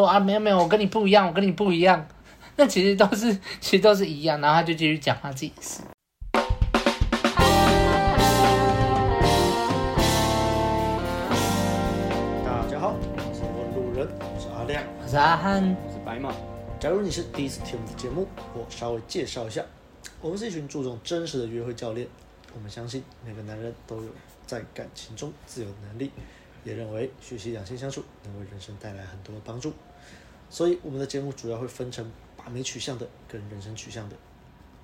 說啊沒有沒有，我跟你不一樣，我跟你不一樣。 那其實都是，其實都是一樣。然後他就繼續講他自己的事。大家好，我是問路人，我是阿亮，我是阿漢，我是白馬。假如你是第一次聽我們的節目，我稍微介紹一下，我們是一群注重真實的約會教練。我們相信每個男人都有在感情中自由的能力，也認為學習兩性相處能為人生帶來很多幫助。所以，我們的節目主要會分成把妹取向的跟人生取向的，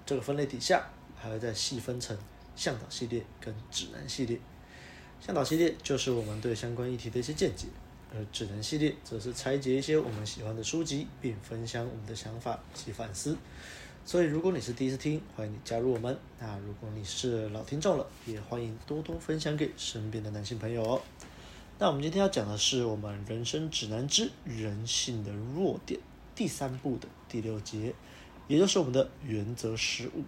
這個分類底下還會再細分成向導系列跟指南系列。向導系列就是我們對相關議題的一些見解，而指南系列則是拆解一些我們喜歡的書籍，並分享我們的想法及反思。所以，如果你是第一次聽，歡迎你加入我們；那如果你是老聽眾了，也歡迎多多分享給身邊的男性朋友哦。那我們今天要講的是《我們人生指南之人性的弱點》第三部的第六節，也就是我們的原則十五。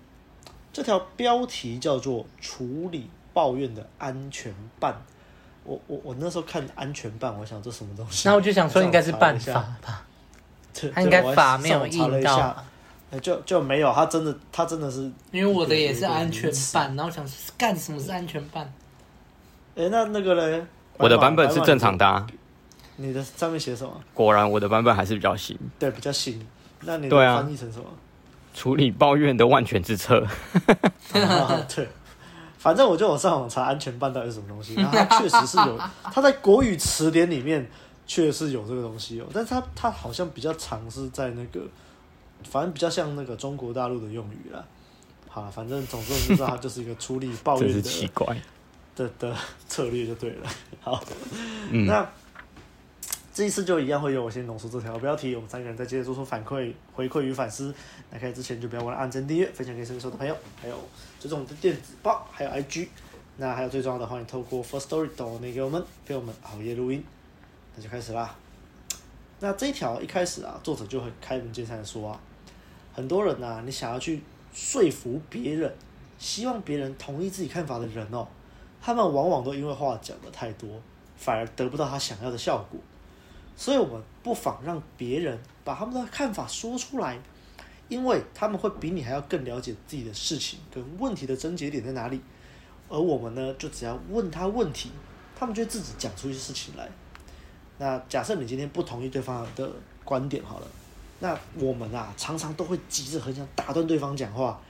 這條標題叫做“處理抱怨的安全辦”。我我我我那時候看“安全辦”，我想這什麼東西？那我就想說，應該是辦法吧？他應該法沒有，我查了一下，就就沒有。他真的，他真的是因為我的也是安全辦，然後想說是幹什麼是安全辦？哎，那那個嘞？我的版本是正常的，啊，你的上面寫什麼？果然我的版本還是比較新，對，比較新。那你翻譯成什麼？啊？處理抱怨的萬全之策。 啊、對，反正我就我上網查安全辦到底是什麼東西，啊、它確實是有，它在國語詞典裡面確實有這個東西哦，但是它它好像比較常是在那個，反正比較像那個中國大陸的用語啦。好了，反正總之我就知道它就是一個處理抱怨的奇怪。的的策略就對了。好，嗯、那這一次就一樣，會有。我先弄出這條標題，我們三個人在接着做出反饋、回饋與反思。那開始之前，就不要忘了按贊、訂閱、分享給身邊的朋友，還有追蹤、就是、我們的電子報，還有 IG。那還有最重要的，歡迎透過 First Story Donate 給我們，幫我們熬夜錄音。那就開始啦。那這一條一開始啊，作者就很開門見山的說啊，很多人吶、啊，你想要去說服別人，希望別人同意自己看法的人哦。他們往往都因為話講得太多，反而得不到他想要的效果，所以我們不妨讓別人把他們的看法說出來，因為他們會比你還要更了解自己的事情跟問題的症結點在哪裡，而我們呢，就只要問他問題，他們就自己講出一些事情來。那假設你今天不同意對方的觀點好了，那我們啊常常都會急着很想打斷對方講話。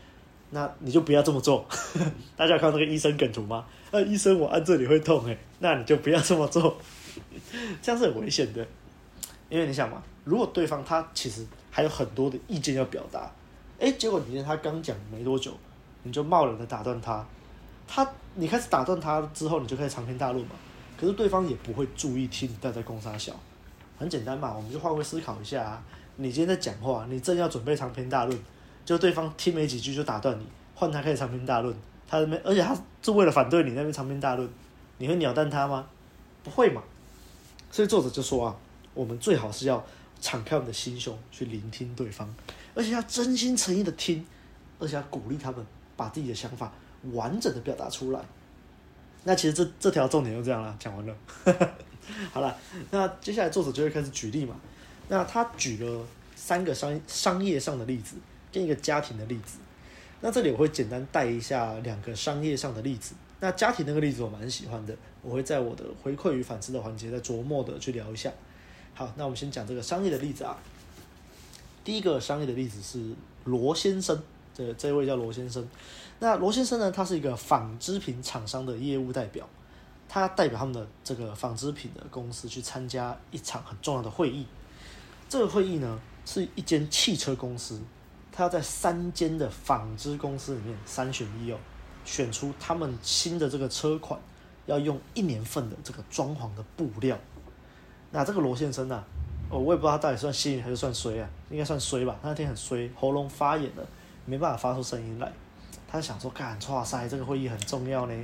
那你就不要這麼做， 大家有看到那個醫生梗圖嗎？那醫生我按這裡會痛誒、欸，那你就不要這麼做， 這樣是很危險的，因為你想嘛，如果對方他其實還有很多的意見要表達，誒、欸，結果你跟他剛講沒多久，你就貿然的打斷他，他你開始打斷他之後，你就開始長篇大論嘛，可是對方也不會注意聽你，帶在公沙小，很簡單嘛，我們就換位思考一下啊，你今天在講話，你正要準備長篇大論。就對方聽沒幾句就打斷你，換他開始長篇大論，他而且他是為了反對你那邊長篇大論，你會鳥蛋他嗎？不會嘛。所以作者就說啊，我們最好是要敞開你的心胸去聆聽對方，而且要真心誠意的聽，而且要鼓勵他們把自己的想法完整的表達出來。那其實這這條重點就這樣了，講完了。 好了，那接下來作者就會開始舉例嘛。那他舉了三個商商業上的例子。一個家庭的例子，那這裡我會簡單帶一下兩個商業上的例子。那家庭那個例子我蠻喜歡的，我會在我的回饋與反思的環節再琢磨，的去聊一下。好，那我們先講這個商業的例子啊。第一個商業的例子是羅先生，這這位叫羅先生。那羅先生呢，他是一個紡織品廠商的業務代表，他代表他們的這個紡織品的公司去參加一場很重要的會議。這個會議呢，是一間汽車公司。他要在三間的紡織公司裡面三選一哦，選出他們新的這個車款要用一年份的這個裝潢的布料。那這個羅先生呢、啊，我我也不知道他到底算幸運還是算衰啊，應該算衰吧。他那天很衰，喉嚨發炎了，沒辦法發出聲音來。他想說，幹，剉賽，這個會議很重要呢，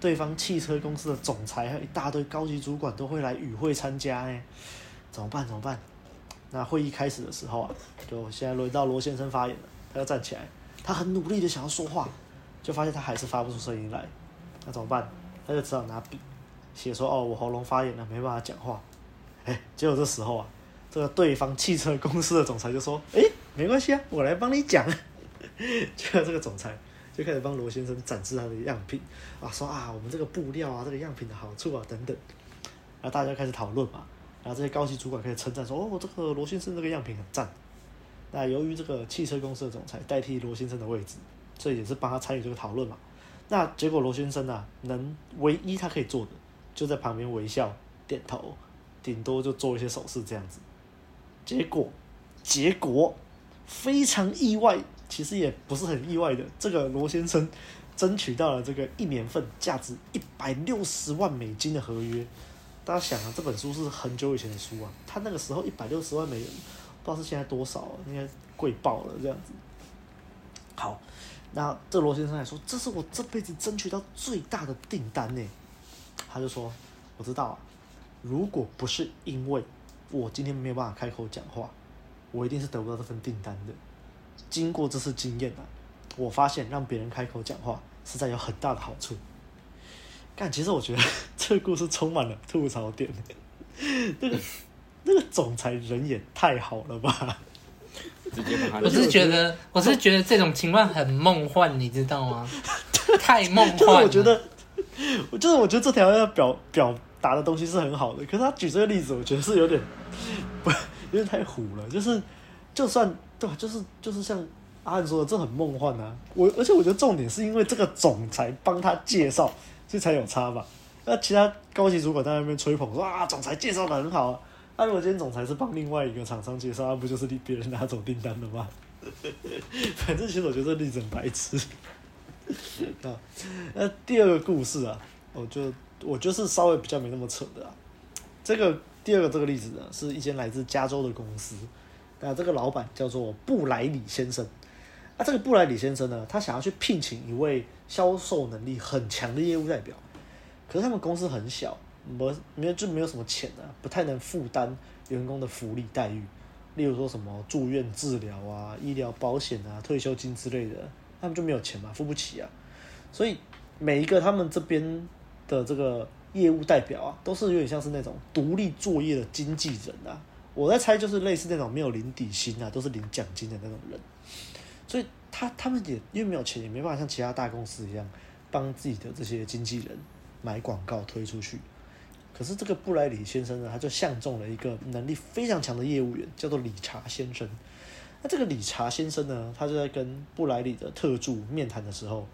對方汽車公司的總裁和一大堆高級主管都會來與會參加呢，怎麼辦？怎麼辦？那會議開始的時候啊，就現在輪到羅先生發言了。他要站起來，他很努力的想要說話，就發現他還是發不出聲音來。那怎麼辦？他就只好拿筆寫說：“哦，我喉嚨發炎了，沒辦法講話。”欸，哎，結果這時候啊，這個對方汽車公司的總裁就說：“哎，欸，沒關係啊，我來幫你講。 ”結果這個總裁就開始幫羅先生展示他的樣品啊，說啊，我們這個布料啊，這個樣品的好處啊等等。然後大家開始討論嘛。那這些高級主管可以稱讚說：“哦，這個羅先生這個樣品很讚。”那由於這個汽車公司的總裁代替羅先生的位置，這也是幫他參與這個討論嘛。那結果羅先生呢、啊，能唯一他可以做的，就在旁邊微笑、點頭，頂多就做一些手勢這樣子。結果，結果非常意外，其實也不是很意外的。這個羅先生爭取到了這個一年份價值一百六十萬美金的合約。大家想啊，這本書是很久以前的書啊，他那個時候一百六十萬美元，不知道是現在多少，應該貴爆了這樣子。好，那這羅先生還說，這是我這輩子爭取到最大的訂單呢。他就說，我知道啊，如果不是因為我今天沒有辦法開口講話，我一定是得不到這份訂單的。經過這次經驗啊，我發現讓別人開口講話，實在有很大的好處。但其實我覺得這個故事充滿了吐槽點， 那個那個總裁人也太好了吧？我，我是覺得種我是覺得這種情況很夢幻，你知道嗎？ 太夢幻了就。就是我覺得，我就是我覺得這條要表表達的東西是很好的，可是他舉這個例子，我覺得是有點，不有點太虎了。就是就算對吧，就是就是像阿漢說的，這很夢幻吶、啊。我而且我覺得重點是因為這個總裁幫他介紹。 這才有差吧？那其他高級主管在那邊吹捧說啊，總裁介紹得很好啊。那如果今天總裁是幫另外一個廠商介紹，那不就是利別人拿走訂單了嗎？ 反正其實我覺得這例子很白痴。那那第二個故事啊，我就我就是稍微比較沒那麼扯的啊。這個第二個這個例子呢，是一間來自加州的公司。那這個老闆叫做布萊里先生。那這個布萊里先生呢，他想要去聘請一位。銷售能力很強的業務代表，可是他們公司很小，沒沒有就沒有什麼錢啊，不太能負擔員工的福利待遇，例如說什麼住院治療啊、醫療保險啊、退休金之類的，他們就沒有錢嘛，付不起啊。所以每一個他們這邊的這個業務代表啊，都是有點像是那種獨立作業的經紀人啊，我在猜就是類似那種沒有領底薪啊，都是領獎金的那種人，所以。他他們也因為沒有錢，也沒辦法像其他大公司一樣幫自己的這些經紀人買廣告推出去。可是這個布萊里先生呢，他就相中了一個能力非常強的業務員，叫做理查先生。那這個理查先生呢，他就在跟布萊里的特助面談的時候，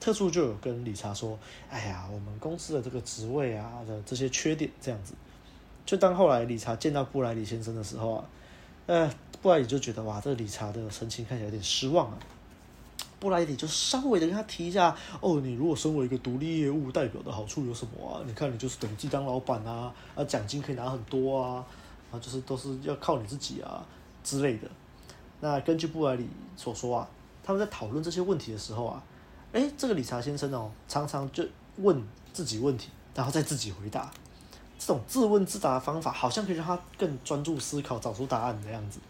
特助就有跟理查說：“哎呀，我們公司的這個職位啊的這些缺點這樣子。”就當後來理查見到布萊里先生的時候啊，呃，布萊里就覺得哇，這個理查的神情看起來有點失望啊。布萊里就稍微的跟他提一下，哦，你如果身為一個獨立業務代表的好處有什麼啊？你看你就是等級當老闆啊，啊，獎金可以拿很多啊，啊，就是都是要靠你自己啊之類的。那根據布萊里所說啊，他們在討論這些問題的時候啊，誒，這個理查先生哦，常常就問自己問題，然後再自己回答。這種自問自答的方法，好像可以讓他更專注思考，找出答案的樣子。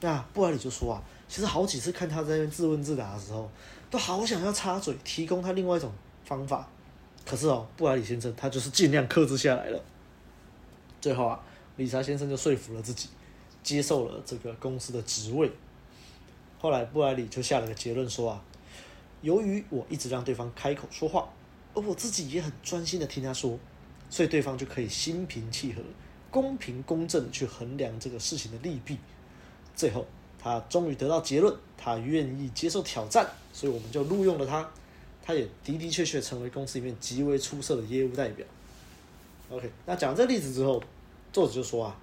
那布萊里就說啊，其實好幾次看他在那邊自問自答的時候，都好想要插嘴提供他另外一種方法，可是哦，布萊里先生他就是盡量克制下來了。最後啊，理查先生就說服了自己，接受了這個公司的職位。後來布萊里就下了個結論說啊，由於我一直讓對方開口說話，而我自己也很專心的聽他說，所以對方就可以心平氣和、公平公正地去衡量這個事情的利弊。最後，他終於得到結論，他願意接受挑戰，所以我們就錄用了他。他也的的確確成為公司裡面極為出色的業務代表。OK，那講這例子之後，作者就說啊，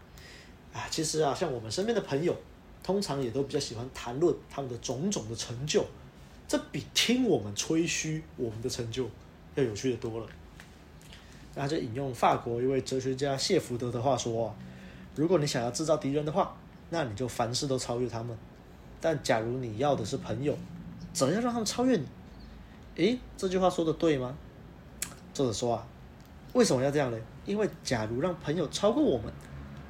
啊，其實啊，像我們身邊的朋友，通常也都比較喜歡談論他們的種種的成就，這比聽我們吹噓我們的成就要有趣得多了。那就引用法國一位哲學家謝福德的話說，如果你想要制造敵人的話。那你就凡事都超越他們，但假如你要的是朋友，怎樣讓他們超越你？誒，這句話說得對嗎？作者說啊，為什麼要這樣呢？因為假如讓朋友超過我們，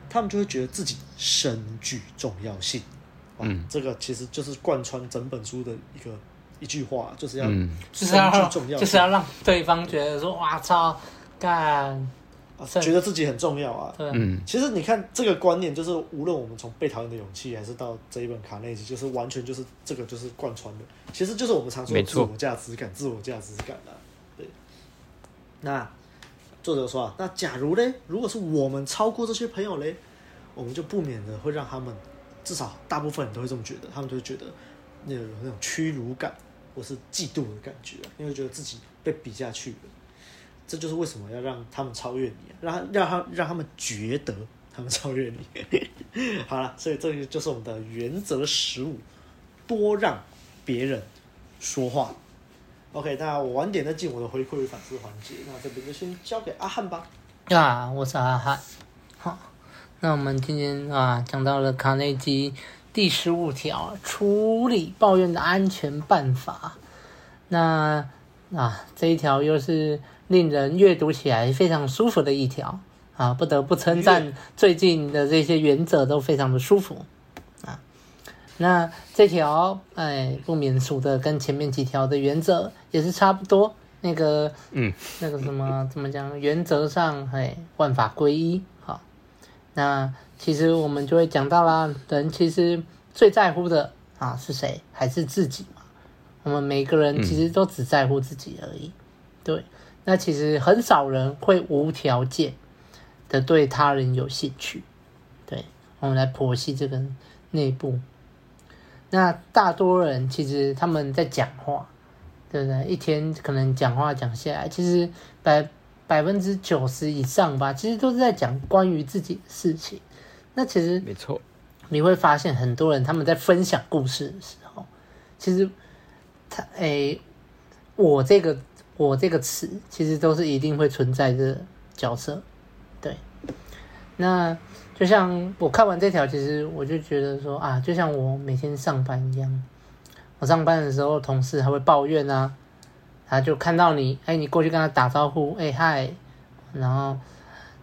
他們就會覺得自己深具重要性。哇嗯、這個其實就是貫穿整本書的一個一句話，就是要，要、嗯、就是要就是要讓對方覺得說哇操幹。啊、對覺得自己很重要啊，啊嗯，其實你看這個觀念，就是無論我們從被討厭的勇氣，還是到這一本卡內基，就是完全就是這個就是貫穿的，其實就是我們常說的自我價值感，錯自我價值感啊，對。那作者說啊，那假如呢，如果是我們超過這些朋友呢，我們就不免的會讓他們，至少大部分人都會這麼覺得，他們就會覺得那那種屈辱感，或是嫉妒的感覺，啊，因為覺得自己被比下去這就是為什麼要讓他們超越你，啊，讓讓他讓他們覺得他們超越你。 好了，所以這就是我們的原則十五，多讓別人說話。OK，那我晚點再進我的回饋與反思環節。那這邊就先交給阿漢吧。啊，我是阿漢。好，那我們今天啊講到了卡耐基第十五條處理抱怨的安全辦法。那啊這一條又是。令人閱讀起來非常舒服的一條啊，不得不稱讚最近的這些原則都非常的舒服啊。那這條哎，不免俗的跟前面幾條的原則也是差不多。那個，嗯，那個什麼怎麼講？原則上哎，萬法歸一好啊，那其實我們就會講到啦，人其實最在乎的啊是誰？還是自己嘛。我們每個人其實都只在乎自己而已，對。那其實很少人會無條件的對他人有興趣，對，我們來剖析這個內部。那大多人其實他們在講話，對不對？一天可能講話講下來，其實百百分之九十以上吧，其實都是在講關於自己的事情。那其實沒錯，你會發現很多人他們在分享故事的時候，其實他誒、欸，我這個。我這個詞其實都是一定會存在的角色，對。那就像我看完這條，其實我就覺得說啊，就像我每天上班一樣，我上班的時候同事還會抱怨啊，他就看到你，哎，你過去跟他打招呼，哎，嗨，然後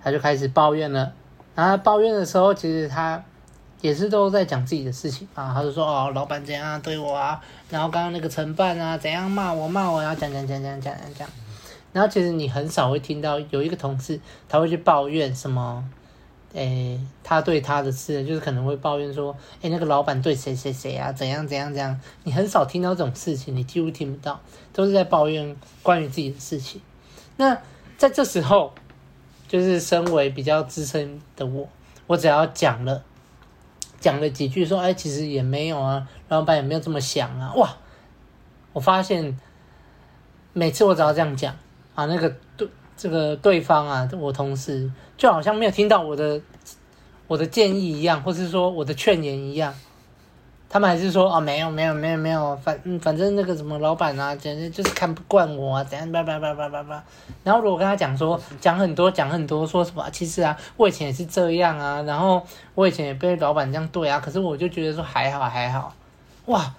他就開始抱怨了。然後他抱怨的時候，其實他。也是都在講自己的事情啊，他就說哦，老闆怎樣、啊、對我啊，然後剛剛那個承辦啊，怎樣罵我罵我，然後講講講講講講講，然後其實你很少會聽到有一個同事他會去抱怨什麼，誒、哎，他對他的事就是可能會抱怨說，哎，那個老闆對誰誰誰啊，怎樣怎樣怎樣，你很少聽到這種事情，你幾乎聽不到，都是在抱怨關於自己的事情。那在這時候，就是身為比較資深的我，我只要講了。講了幾句，說：“哎，其實也沒有啊，老闆也沒有這麼想啊。”哇，我發現每次我只要這樣講啊，那個對這個對方啊，我同事就好像沒有聽到我的我的建議一樣，或是說我的勸言一樣。他們還是說哦，沒有沒有沒有沒有，反、嗯、反正那個什麼老闆啊，簡直就是看不慣我啊，怎樣，叭叭叭叭叭叭。然後如果我跟他講說，講很多講很多，說什麼其實啊，我以前也是這樣啊，然後我以前也被老闆這樣對啊，可是我就覺得說還好還好，哇，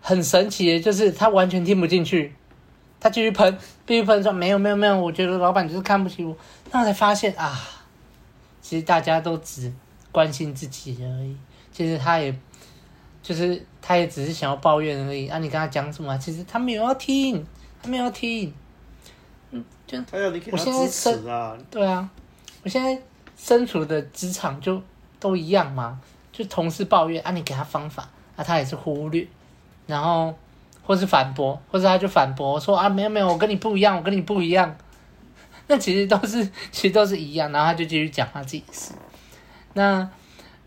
很神奇的就是他完全聽不進去，他繼續噴，繼續噴說沒有沒有沒有，我覺得老闆就是看不起我。那我才發現啊，其實大家都只關心自己而已，其實他也。就是他也只是想要抱怨而已啊！你跟他講什麼？其實他沒有要聽，他沒有要聽。嗯，就我現在身對啊，我現在身處的職場就都一樣嘛，就同事抱怨啊，你給他方法啊，他也是忽略，然後或是反駁，或是他就反駁說啊，沒有沒有，我跟你不一樣，我跟你不一樣。 那其實都是其實都是一樣，然後他就繼續講他自己事。那。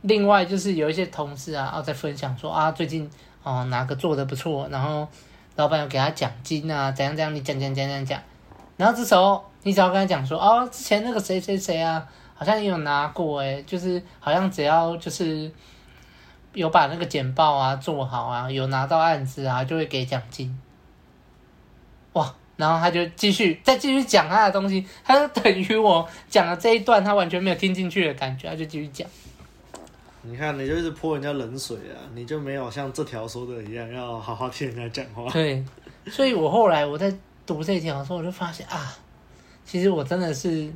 另外就是有一些同事啊，哦，在分享說啊，最近哦哪個做的不錯，然後老闆有給他獎金啊，怎樣怎樣，你講講講講講，然後這時候你只要跟他講說哦，之前那個誰誰誰啊，好像也有拿過誒、欸，就是好像只要就是有把那個簡報啊做好啊，有拿到案子啊，就會給獎金，哇，然後他就繼續再繼續講他的東西，他就等於我講了這一段，他完全沒有聽進去的感覺，他就繼續講。你看，你就是潑人家冷水啊！你就沒有像這條說的一樣，要好好聽人家講話。對，所以我後來我在讀這條的時候，我就發現啊，其實我真的是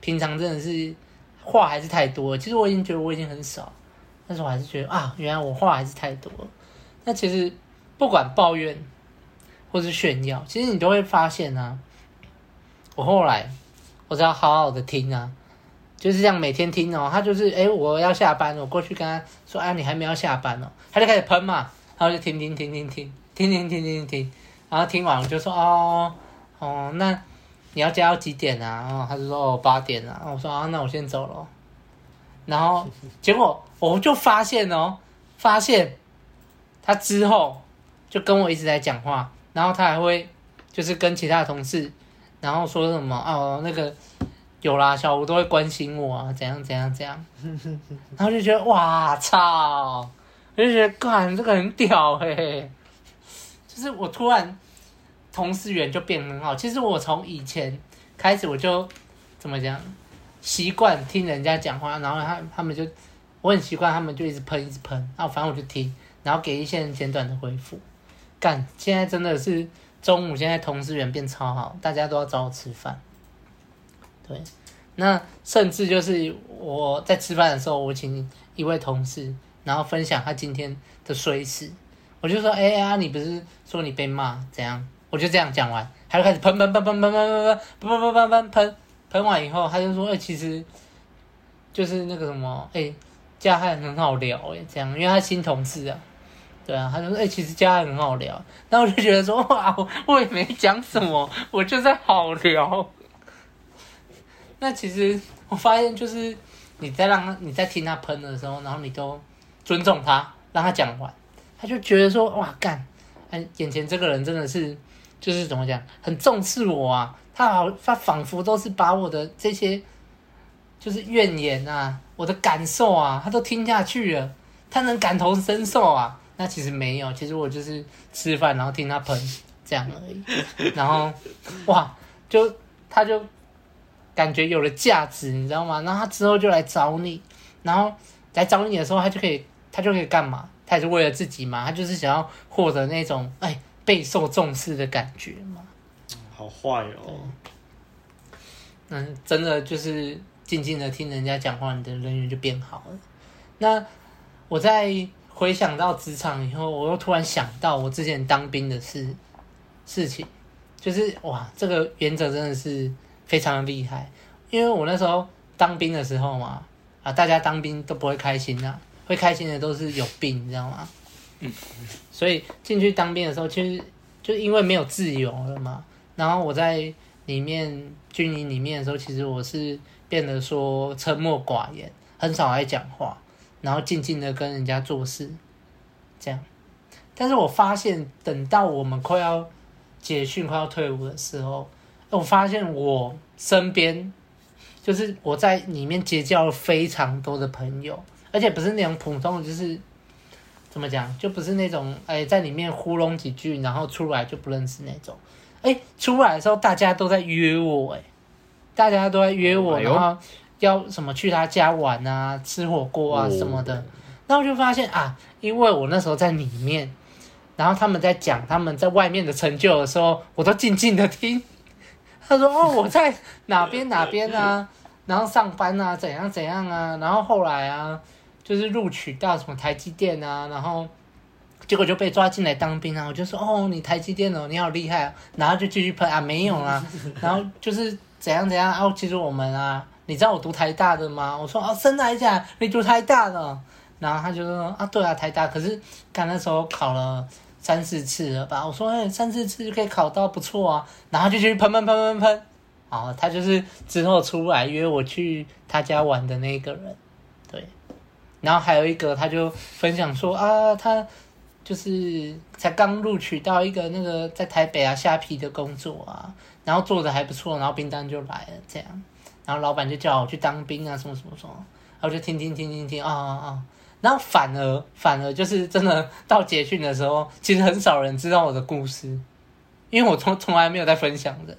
平常真的是話還是太多。其實我已經覺得我已經很少，但是我還是覺得啊，原來我話還是太多了。那其實不管抱怨或是炫耀，其實你都會發現啊，我後來我只要好好的聽啊。就是這樣，每天聽哦，他就是哎、欸，我要下班，我過去跟他說，啊，你還沒有下班哦，他就開始噴嘛，然後就停、停、停、停、停、停、停、停、停、停。然後聽完我就說，哦哦，那你要加到幾點啊？然後，哦，他就說，哦，八點啊。我說啊，那我先走了。然後結果我就發現哦，發現他之後就跟我一直在講話，然後他還會就是跟其他同事，然後說什麼哦那個。有啦，小吳都會關心我啊，怎樣怎樣怎樣，然後就覺得哇操，我就覺得幹這個很屌哎、欸，就是我突然同事緣就變很好。其實我從以前開始我就怎麼講，習慣聽人家講話，然後他他們就我很習慣他們就一直噴一直噴，然後反正我就聽，然後給一些人簡短的回復。幹現在真的是中午，現在同事緣變超好，大家都要找我吃飯。對，那甚至就是我在吃飯的時候，我請一位同事，然後分享他今天的衰事，我就說，哎、欸、呀、啊，你不是說你被罵怎樣？我就這樣講完，他就開始噴噴噴噴噴噴噴噴噴噴噴噴噴，噴完以後，他就說，哎、欸，其實就是那個什麼，哎、欸，嘉漢很好聊、欸，哎，這樣，因為他是新同事啊，對啊，他就說，哎、欸，其實嘉漢很好聊，那我就覺得說，哇我，我也沒講什麼，我就在好聊。那其實我發現，就是你在讓他、你在聽他噴的時候，然後你都尊重他，讓他講完，他就覺得說：“哇，幹，眼前這個人真的是，就是怎麼講，很重視我啊。”他好，他仿佛都是把我的這些就是怨言啊、我的感受啊，他都聽下去了，他能感同身受啊。那其實沒有，其實我就是吃飯然後聽他噴這樣而已， 然後哇，就他就。感覺有了價值，你知道嗎？那他之後就來找你，然後來找你的時候，他就可以，他就可以幹嘛？他也是為了自己嘛，他就是想要獲得那種哎備受重視的感覺嘛。好壞哦，嗯，真的就是靜靜的聽人家講話，你的人緣就變好了。那我在回想到職場以後，我又突然想到我之前當兵的事事情，就是哇，這個原則真的是。非常的厲害，因為我那時候當兵的時候嘛，啊，大家當兵都不會開心啦，啊，會開心的都是有病，你知道嗎？嗯。所以進去當兵的時候，其實就因為沒有自由了嘛。然後我在裡面軍營裡面的時候，其實我是變得說沉默寡言，很少愛講話，然後靜靜的跟人家做事，這樣。但是我發現，等到我們快要解訓，快要退伍的時候。我發現我身邊就是我在裡面結交了非常多的朋友，而且不是那種普通的，就是怎麼講，就不是那種哎、欸，在裡面糊弄幾句，然後出來就不認識那種。哎，出來的時候大家都在約我、欸，大家都在約我，然後要什麼去他家玩啊，吃火鍋啊什麼的。那我就發現啊，因為我那時候在裡面，然後他們在講他們在外面的成就的時候，我都靜靜的聽。他說：“哦，我在哪邊哪邊啊，然後上班啊，怎樣怎樣啊，然後後來啊，就是錄取到什麼台積電啊，然後結果就被抓進來當兵啊。我就說：哦，你台積電哦，你好厲害啊！然後就繼續噴啊，沒有啊。然後就是怎樣怎樣啊，其實我們啊，你知道我讀台大的嗎？我說：哦，真的假的，你讀台大的？然後他就說：啊，對啊，台大。可是剛那時候考了。”三四次了吧？我說哎，三四次就可以考到，不錯啊！然後就去噴噴噴噴噴噴，啊，他就是之後出來約我去他家玩的那個人，對。然後還有一個，他就分享說啊，他就是才剛錄取到一個那個在台北啊蝦皮的工作啊，然後做的還不錯，然後兵單就來了，這樣，然後老板就叫我去當兵啊，什麼什麼什麼，然後我就聽聽聽聽聽啊啊啊。哦哦然後反而反而就是真的到結訓的時候，其實很少人知道我的故事，因為我從從來沒有在分享的。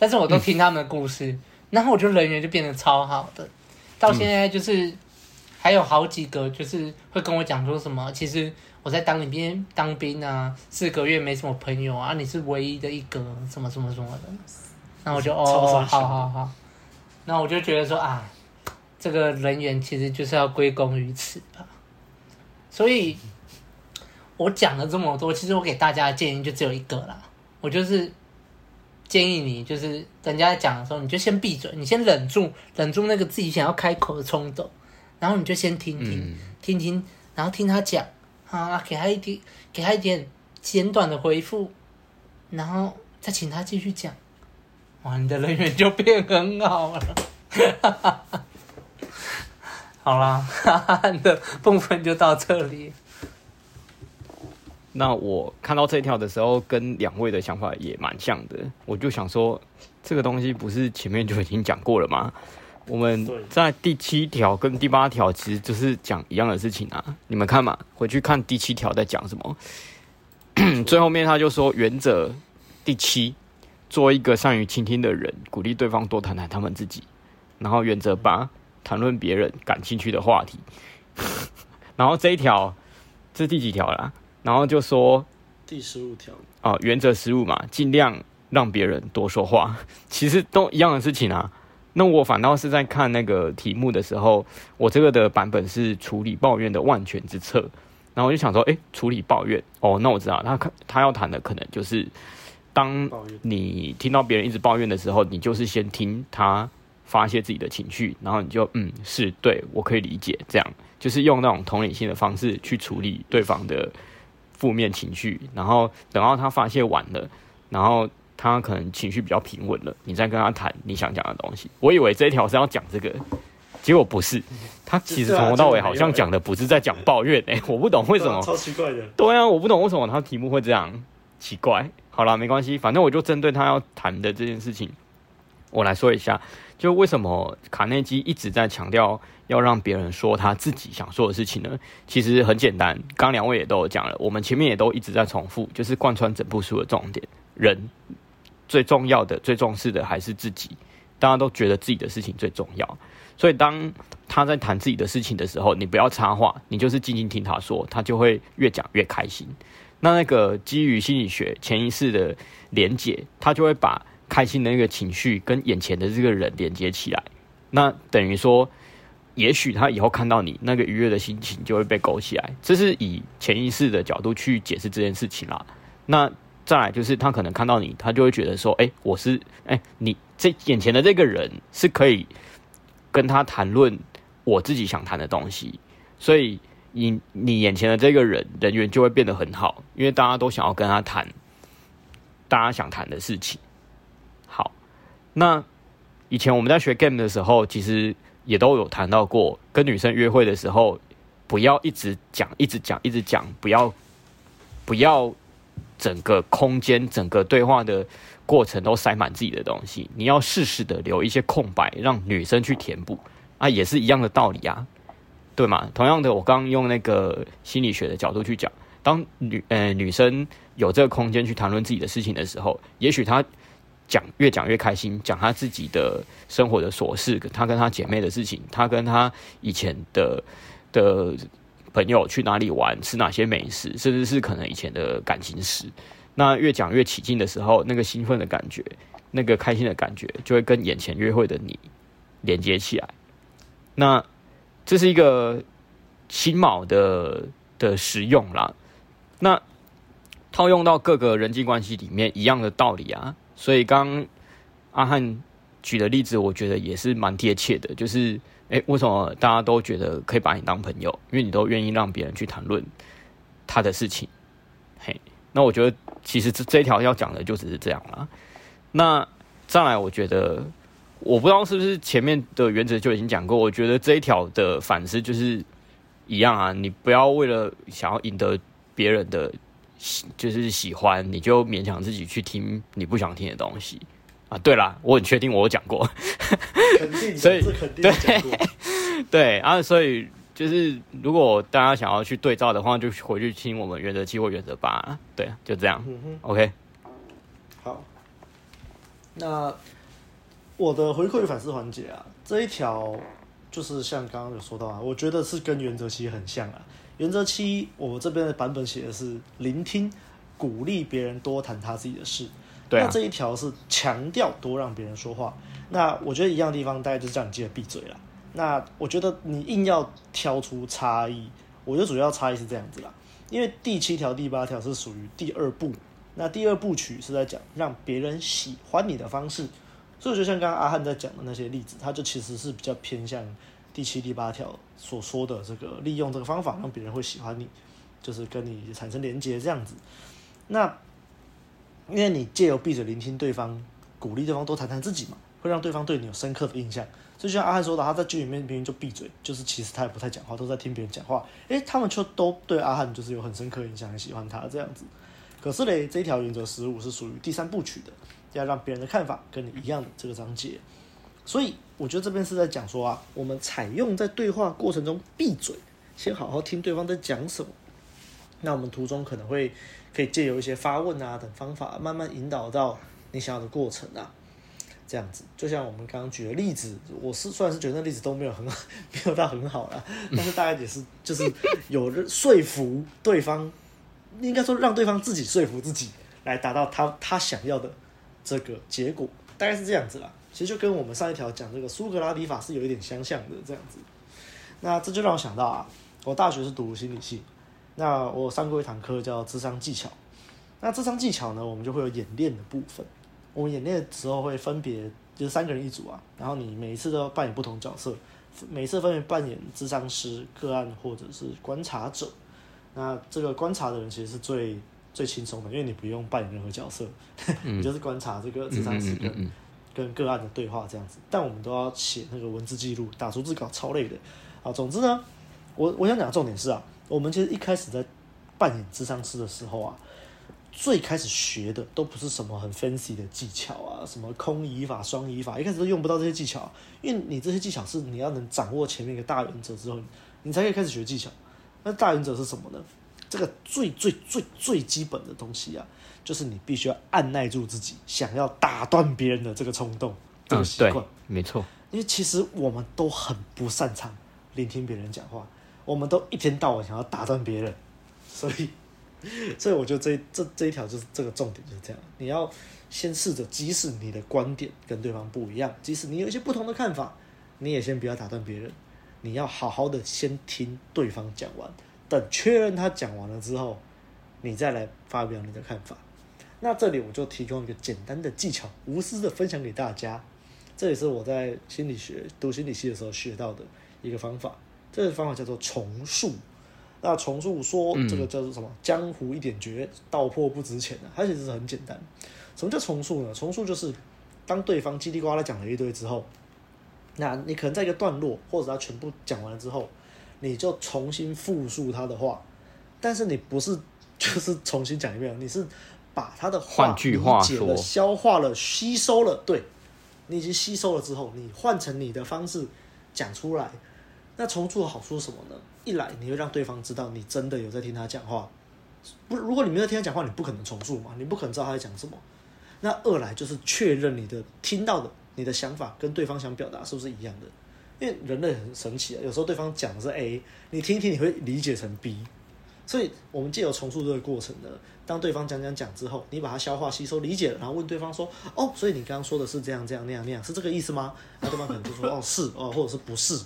但是我都聽他們的故事，嗯、然後我就人緣就變得超好的。到現在就是還有好幾個就是會跟我講說什麼，其實我在當裡面當兵啊，四個月沒什麼朋友啊，啊你是唯一的一個，什麼什麼什麼的。然後我就哦，好好好，好。然後我就覺得說啊，這個人緣其實就是要歸功於此吧。所以，我講了這麼多，其實我給大家的建議就只有一個啦，我就是建議你，就是人家在講的時候，你就先閉嘴，你先忍住，忍住那個自己想要開口的衝動，然後你就先聽聽、嗯、聽聽，然後聽他講，啊，給他一點，給他一點簡短的回復，然後再請他繼續講，哇，你的人緣就變很好了。哈哈哈。好啦，哈哈的部分就到這裡。那我看到這一條的時候，跟兩位的想法也蠻像的。我就想說，這個東西不是前面就已經講過了嗎？我們在第七條跟第八條其實就是講一樣的事情啊。你們看嘛，回去看第七條在講什麼。 最後面他就說，原則第七，做一個善於傾聽的人，鼓勵對方多談談他們自己。然後原則八。談論別人感興趣的話題， 然後這一條這是第幾條啦？然後就說第十五條啊，原則十五嘛，盡量讓別人多說話。 其實都一樣的事情啊。那我反倒是在看那個題目的時候，我這個的版本是處理抱怨的萬全之策。然後我就想說，誒、欸，處理抱怨哦，那我知道他他要談的可能就是，當你聽到別人一直抱怨的時候，你就是先聽他。發洩自己的情緒，然後你就嗯是對，我可以理解，這樣就是用那種同理心的方式去處理對方的負面情緒，然後等到他發洩完了，然後他可能情緒比較平穩了，你再跟他談你想講的東西。我以為這一條是要講這個，結果不是，他其實從頭到尾好像講的不是在講抱怨誒、欸，我不懂為什麼，超奇怪的。對啊，我不懂為什麼他題目會這樣奇怪。好了，沒關係，反正我就針對他要談的這件事情，我來說一下。就為什麼卡內基一直在強調要讓別人說他自己想說的事情呢？其實很簡單，剛兩位也都有講了，我們前面也都一直在重複，就是貫穿整部書的重點。人最重要的、最重視的還是自己，大家都覺得自己的事情最重要。所以當他在談自己的事情的時候，你不要插話，你就是靜靜聽他說，他就會越講越開心。那那個基於心理學潛意識的連結，他就會把。開心的那個情緒跟眼前的這個人連接起來，那等於說，也許他以後看到你那個愉悅的心情就會被勾起來。這是以潛意識的角度去解釋這件事情啦。那再來就是他可能看到你，他就會覺得說：“哎，我是哎，你這眼前的這個人是可以跟他談論我自己想談的東西。”所以，你你眼前的這個人人緣就會變得很好，因為大家都想要跟他談大家想談的事情。那以前我們在學 game 的時候，其實也都有談到過，跟女生約會的時候，不要一直講、一直講、一直講，不要不要整個空間、整個對話的過程都塞滿自己的東西。你要適時的留一些空白，讓女生去填補啊，也是一樣的道理啊，對嗎？同樣的，我剛剛用那個心理學的角度去講，當女呃女生有這個空間去談論自己的事情的時候，也許她。講越講越開心，講他自己的生活的瑣事，跟他跟他姐妹的事情，他跟他以前的的朋友去哪裡玩，吃哪些美食，甚至是可能以前的感情史。那越講越起勁的時候，那個興奮的感覺，那個開心的感覺，就會跟眼前約會的你連接起來。那這是一個心錨的的使用啦。那套用到各個人際關係裡面，一樣的道理啊。所以，剛阿漢舉的例子，我覺得也是蠻貼切的。就是，哎，為什麼大家都覺得可以把你當朋友？因為你都願意讓別人去談論他的事情。嘿，那我覺得其實這這一條要講的就只是這樣了。那再來，我覺得我不知道是不是前面的原則就已經講過。我覺得這一條的反思就是一樣啊，你不要為了想要贏得別人的。就是喜歡，你就勉強自己去聽你不想聽的東西啊！對啦，我很確定我有講過， 肯定所以肯定對對啊，所以就是如果大家想要去對照的話，就回去聽我們原則七或原則八。對，就這樣。嗯哼，OK。好，那我的回饋反思環節啊，這一條就是像剛剛有說到啊，我覺得是跟原則七很像啊。原則七，我這邊的版本寫的是聆聽，鼓勵別人多談他自己的事。啊、那這一條是強調多讓別人說話。那我覺得一樣的地方，大概就是這樣，你記得閉嘴了。那我覺得你硬要挑出差異，我覺得主要差異是這樣子啦。因為第七條、第八條是屬於第二部，那第二部曲是在講讓別人喜歡你的方式。所以就像剛剛阿翰在講的那些例子，他就其實是比較偏向。第七、第八條所說的這個利用這個方法讓別人會喜歡你，就是跟你產生連接這樣子。那因為你借由閉嘴聆聽對方，鼓勵對方多談談自己嘛，會讓對方對你有深刻的印象。所以就像阿翰說的，他在劇裡面別人就閉嘴，就是其實他也不太講話，都在聽別人講話。哎、欸，他們卻都對阿翰就是有很深刻印象，很喜歡他這樣子。可是嘞，這一條原則十五是屬於第三部曲的，要讓別人的看法跟你一樣的這個章節，所以。我覺得這邊是在講說啊，我們採用在對話過程中閉嘴，先好好聽對方在講什麼。那我們途中可能會可以借由一些發問啊等方法，慢慢引導到你想要的過程啊。這樣子，就像我們剛剛舉的例子，我是雖然是覺得那例子都沒有很好，沒有到很好啦，但是大概也是就是有說服對方，應該說讓對方自己說服自己，來達到他他想要的這個結果，大概是這樣子啦。其實就跟我們上一條講這個蘇格拉底法是有一點相像的，這樣子。那這就讓我想到啊，我大學是讀心理系，那我上過一堂課叫諮商技巧。那諮商技巧呢，我們就會有演練的部分。我們演練的時候會分別就是三個人一組啊，然後你每一次都要扮演不同角色，每次分別扮演諮商師、個案或者是觀察者。那這個觀察的人其實是最最輕鬆的，因為你不用扮演任何角色， 你就是觀察這個諮商師的跟個案的對話這樣子，但我們都要寫那個文字記錄，打逐字稿超累的。好，總之呢，我我想講的重點是啊，我們其實一開始在扮演諮商師的時候啊，最開始學的都不是什麼很 fancy 的技巧啊，什麼空椅法、雙椅法，一開始都用不到這些技巧啊，因為你這些技巧是你要能掌握前面一個大原則之後，你，你才可以開始學技巧。那大原則是什麼呢？這個最最最最最基本的東西啊。就是你必須要按捺住自己想要打斷別人的這個衝動，這個習慣，沒錯。因為其實我們都很不擅長聆聽別人講話，我們都一天到晚想要打斷別人，所以，所以我覺得這這這一條就是這個重點，就是這樣。你要先試着，即使你的觀點跟對方不一樣，即使你有一些不同的看法，你也先不要打斷別人，你要好好的先聽對方講完，等確認他講完了之後，你再來發表你的看法。那這裡我就提供一個簡單的技巧，無私的分享給大家。這也是我在心理學讀心理系的時候學到的一個方法。這個方法叫做重述。那重述說這個叫做什麼？嗯、江湖一點訣，道破不值錢的、啊。它其實是很簡單。什麼叫重述呢？重述就是當對方嘰里呱啦講了一堆之後，那你可能在一個段落或者他全部講完了之後，你就重新複述他的話。但是你不是就是重新講一遍，你是。把他的話理解了、消化了、吸收了，對，你已經吸收了之後，你換成你的方式講出來，那重述的好處是什麼呢？一來你會讓對方知道你真的有在聽他講話，不，如果你沒有聽他講話，你不可能重述嘛，你不可能知道他在講什麼。那二來就是確認你的聽到的、你的想法跟對方想表達是不是一樣的，因為人類很神奇啊，有時候對方講的是 A，你聽一聽你會理解成 B。所以我們借由重述這個過程呢，當對方講講講之後，你把它消化吸收理解了，然後問對方說：“哦，所以你剛剛說的是這樣這樣那樣那樣，是這個意思嗎？”那、啊、對方可能就說：“哦，是哦，或者是不是？”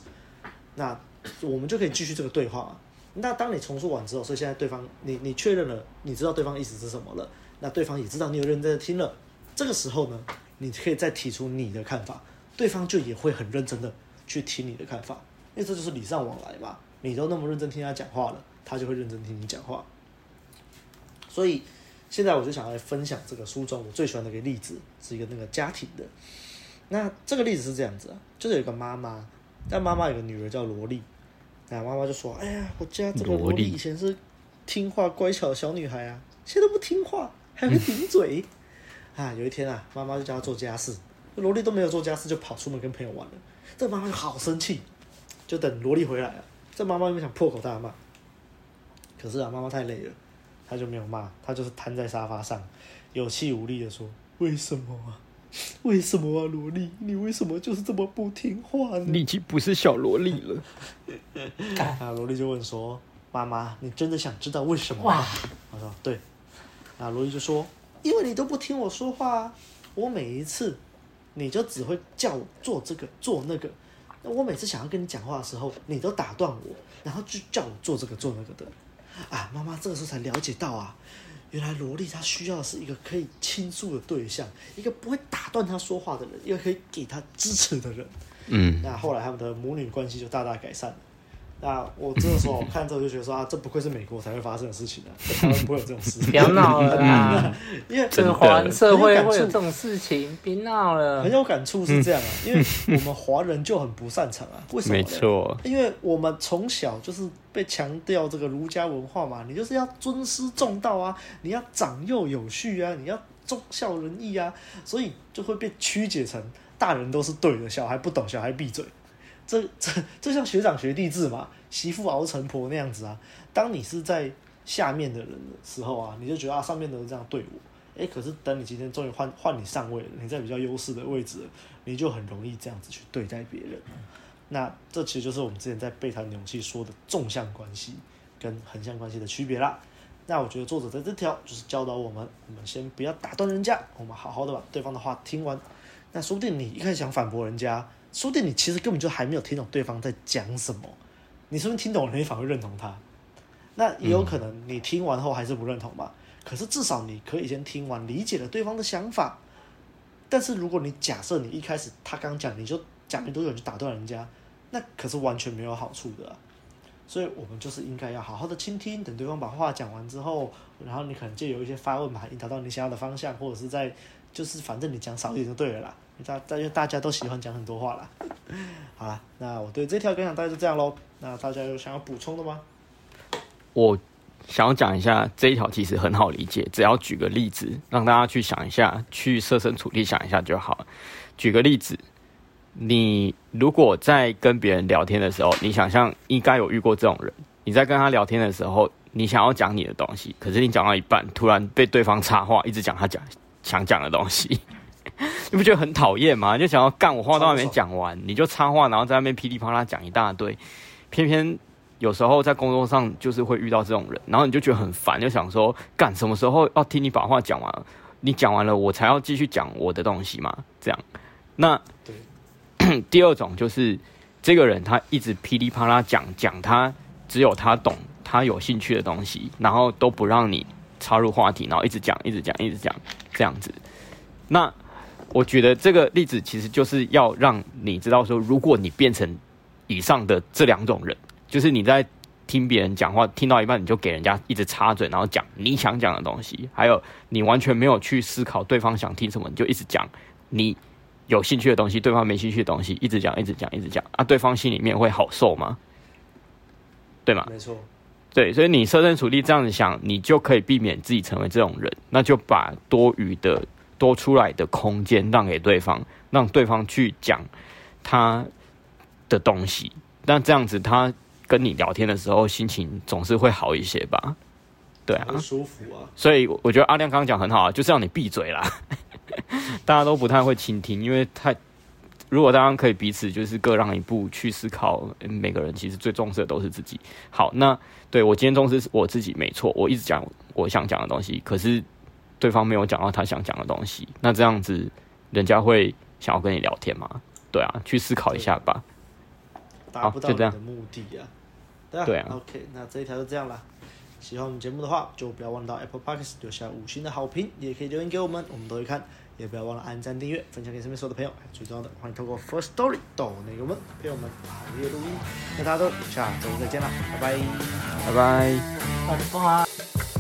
那我們就可以繼續這個對話。那當你重述完之後，所以現在對方你你確認了，你知道對方意思是什麼了，那對方也知道你有認真的聽了。這個時候呢，你可以再提出你的看法，對方就也會很認真的去聽你的看法，因為這就是禮尚往來嘛。你都那麼認真聽他講話了。他就會認真聽你講話，所以現在我就想要來分享這個書中我最喜歡的一個例子，是一個那個家庭的。那這個例子是這樣子啊，就是有一個媽媽，但媽媽有個女兒叫蘿莉，那媽媽就說：“哎呀，我家這個蘿莉以前是聽話乖巧的小女孩啊，現在都不聽話，還會頂嘴啊！”有一天啊，媽媽就叫她做家事，蘿莉都沒有做家事就跑出門跟朋友玩了。這媽媽就好生氣，就等蘿莉回來了啊，這媽媽又想破口大罵。可是啊，媽媽太累了，她就沒有罵，她就是癱在沙發上，有氣無力的說：“為什麼啊？為什麼啊，蘿莉？你為什麼就是這麼不聽話呢？”你已經不是小蘿莉了。 啊，蘿莉就問說：“媽媽，你真的想知道為什麼嗎？”我哇說：“對。”啊，蘿莉就說：“因為你都不聽我說話啊！我每一次，你就只會叫我做這個做那個，那我每次想要跟你講話的時候，你都打斷我，然後就叫我做這個做那個的。”啊，媽媽這個時候才了解到啊，原來蘿莉她需要的是一個可以傾訴的對象，一個不會打斷她說話的人，一個可以給她支持的人。嗯，那後來她們的母女關係就大大改善了。啊，我這個時候看之後就覺得說啊，這不愧是美國才會發生的事情啊，啊台灣不會有這種事情。不要鬧了，因為華人社會會有這種事情，別鬧了。很有感觸是這樣啊，因為我們華人就很不擅長啊， 為什麼？沒錯。因為我們從小就是被強調這個儒家文化嘛，你就是要尊師重道啊，你要長幼有序啊，你要忠孝仁義啊，所以就會被曲解成大人都是對的，小孩不懂，小孩閉嘴。這這這像學長學弟制嘛，媳婦熬成婆那樣子啊。當你是在下面的人的時候啊，你就覺得啊，上面的人這樣對我，哎，可是等你今天終於換換你上位了，你在比較優勢的位置了，你就很容易這樣子去對待別人。嗯、那這其實就是我們之前在《被討厭的勇氣》說的縱向關係跟橫向關係的區別啦。那我覺得作者在這條就是教導我們，我們先不要打斷人家，我們好好的把對方的話聽完。那說不定你一開始想反駁人家。說不定你其實根本就還沒有聽懂對方在講什麼，你是不是聽懂了，你反而認同他？那也有可能你聽完後還是不認同吧。嗯、可是至少你可以先聽完，理解了對方的想法。但是如果你假設你一開始他剛講，你就講沒多久就打斷人家，那可是完全沒有好處的啊。所以，我們就是應該要好好的傾聽，等對方把話講完之後，然後你可能藉由一些發問吧，引導到你想要的方向，或者是在。就是，反正你講少一點就對了啦。大大家大家都喜歡講很多話啦。好啦。那我對這條分享大概就這樣嘍。那大家有想要補充的嗎？我想要講一下這一條，其實很好理解，只要舉個例子，讓大家去想一下，去設身處地想一下就好。舉個例子，你如果在跟別人聊天的時候，你想象應該有遇過這種人，你在跟他聊天的時候，你想要講你的東西，可是你講到一半，突然被對方插話，一直講他講。想講的東西， 你不覺得很討厭嗎？你就想要幹，我話都還沒講完，你就插話，然後在那邊噼里啪啦講一大堆。偏偏有時候在工作上就是會遇到這種人，然後你就覺得很煩，就想說幹什麼時候要聽你把話講完？你講完了我才要繼續講我的東西嘛，這樣。那 第二種就是這個人他一直噼里啪啦講講他只有他懂他有興趣的東西，然後都不讓你插入話題，然後一直講一直講一直講。一直這樣子，那我覺得這個例子其實就是要讓你知道說，如果你變成以上的這兩種人，就是你在聽別人講話，聽到一半你就給人家一直插嘴，然後講你想講的東西，還有你完全沒有去思考對方想聽什麼，你就一直講你有興趣的東西，對方沒興趣的東西，一直講，一直講，一直講啊，對方心裡面會好受嗎？對嗎？沒錯。對，所以你設身處地這樣子想，你就可以避免自己成為這種人。那就把多餘的、多出來的空間讓給對方，讓對方去講他的東西。那這樣子，他跟你聊天的時候，心情總是會好一些吧？對啊，舒服啊。所以我覺得阿亮剛剛講很好啊，就是讓你閉嘴啦。 大家都不太會傾聽，因為太。如果大家可以彼此就是各讓一步去思考，每個人其實最重視的都是自己。好，那對我今天重視我自己沒錯，我一直講我想講的東西，可是對方沒有講到他想講的東西，那這樣子人家會想要跟你聊天嗎？對啊，去思考一下吧。達不到你的目的啊。哦、對啊。對啊 OK，那這一條就這樣了。喜歡我們節目的話，就不要忘了到 Apple Podcast 留下五星的好評，也可以留言給我們，我們都會看。也不要忘了按讚、訂閱、分享給身邊所有的朋友。還有最重要的，歡迎透過 Firstory 倒那個門，陪我們熬夜錄音。那大家都下周再見啦，拜拜，拜拜，